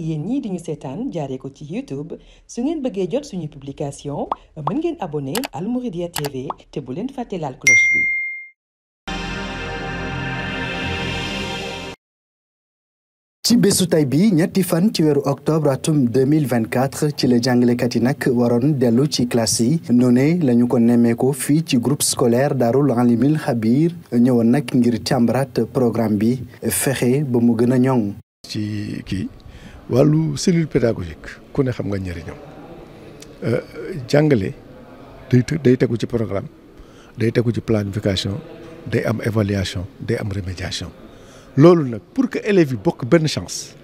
yéen ñii di ñu seetaan jaaree ko ci YouTube ngeen bëggee jot suñu publication mën ngeen abonné Al te bu leen fàtte ci bésu tay bi ñetti fan ci weeru octobre atum 2024 ci la jàngalekat yi nag waroon dellu ci classe yi noone la ñu ko nemmeeko fii ci groupe scolaire Daarul Alimil Xabiir ñëwoon nag ngir càmbaraat programme bi fexe ba mu gën a ñoŋ. ci wàllu cellule pédagogique ku ne xam nga njëriñam euh, jàngale day day tegu ci programme day tegu ci planification day am évaluation day am remédiation loolu nag pour que élèves yi bokk benn chance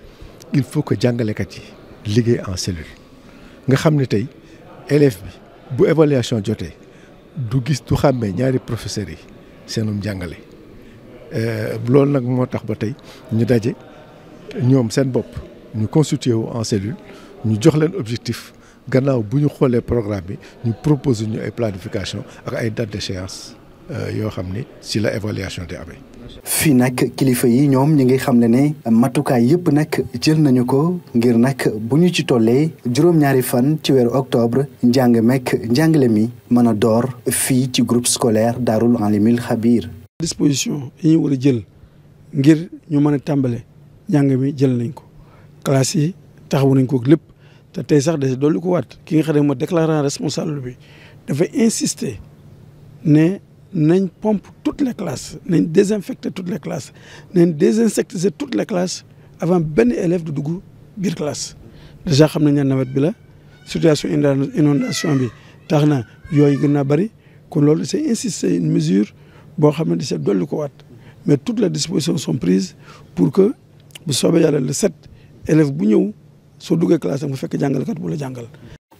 il faut que jàngalekat yi liggéey en cellule nga xam ni tey élève bi bu évaluation jotee du gis du xàmmee ñaari professeurs yi seenum jàngale euh, loolu nag moo tax ba tey ñu daje ñoom seen bopp ñu constitué wu en cellule ñu jox leen objectif gannaaw bu ñu xoolee programme bi ñu proposé ñu ay planification ak ay date d'échéance euh, yoo xam ni si la évaluation de amee. fii nag kilifa yi ñoom ñi ngi xam ne ne matukaay yëpp nag jël nañu ko ngir nag bu ñu ci tollee juróom-ñaari fan ci weeru octobre njàng mekk njàngale mi mën a door fii ci groupe scolaire Daarul Alimil Xabiir. disposition yi ñu war a jël ngir ñu mën a tàmbale njàng mi jël nañ ko. classe yi taxawu nañ kook lépp te tey sax de dolli ko waat ki nga xam ne moo déclarant responsable bi dafa insister ne nañ pompe toutes les classes nañ désinfecter toutes les classes nañ désinsectiser toutes les classes avant benn élève de dugg biir classe déjà xam nañ ne nawet bi la situation inondation bi tax na yooyu gën naa bëri kon loolu c'est insister une mesure boo xam ne di seet dolli ko waat mais toute les dispositions sont prises pour que bu soobee yàlla le 7 élève bu ñëw soo duggee classe am nga fekk jàngalekat bu la jàngal.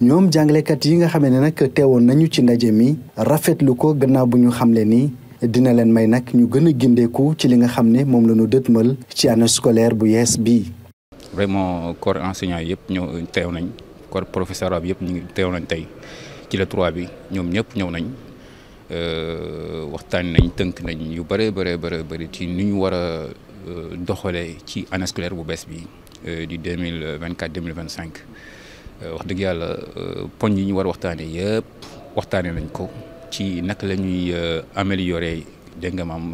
ñoom jàngalekat yi nga xam ne nag teewoon nañu ci ndaje mi rafetlu ko gannaaw bu ñu xamle ni dina leen may nag ñu gën a gindeeku ci li nga xam ne moom la ñu dëtmal ci année scolaire bu yees bii. vraiment corps enseignant yëpp ñëw teew nañ corps professeur bi yëpp ñu ngi teew nañ tey ci la 3 bi ñoom ñëpp ñëw nañ euh, waxtaan nañ tënk nañ yu bëree bëree bëri ci ni ñu war a euh, doxalee ci année bu bees bii. Euh, du deux mille vingt quatre deux mille cinq euh, wax dëgg yàlla euh, poñ yi ñu war a waxtaanee yëpp waxtaanee lañ ko ci naka lañuy ñuy améliorer dégg nga maam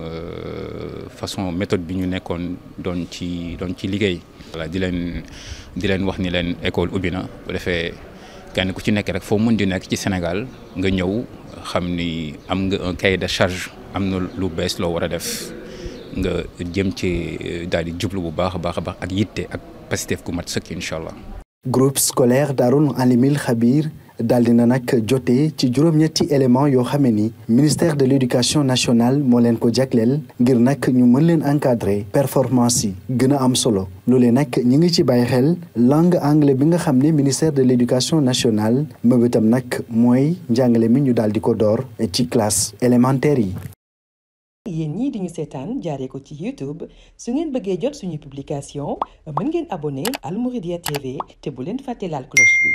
façon méthode bi ñu nekkoon doon ci doon ci liggéey. voilà di leen di leen wax ni leen école ubbi na bu defee kenn ku ci nekk rek foo mën di nekk ci Sénégal nga ñëw xam ni am nga un charge am na lu bees loo war a def. nga jëm ci daal di jublu bu baax a baax a baax ak yitte ak Pastef ku mat sëkk incha allah. groupe scolaire Daarul Alimil Xabir daal dina nag jotee ci juróom-ñetti élément yoo xamee ni ministère de l' éducation nationale moo leen ko jagleel ngir nag ñu mën leen encadrer performance yi gën a am solo loolee nag ñi ngi ci bàyyi xel langue anglais bi nga xam ne ministère de l' éducation nationale itam nag mooy njàngale mi ñu daal di ko door ci classe élémentaire yi. yéen ñii di ñu seetaan jaaree ko ci YouTube su ngeen bëggee jot suñu publication mën ngeen abonné Al Mouridiyyah TV te bu leen fàtte laal cloche bi.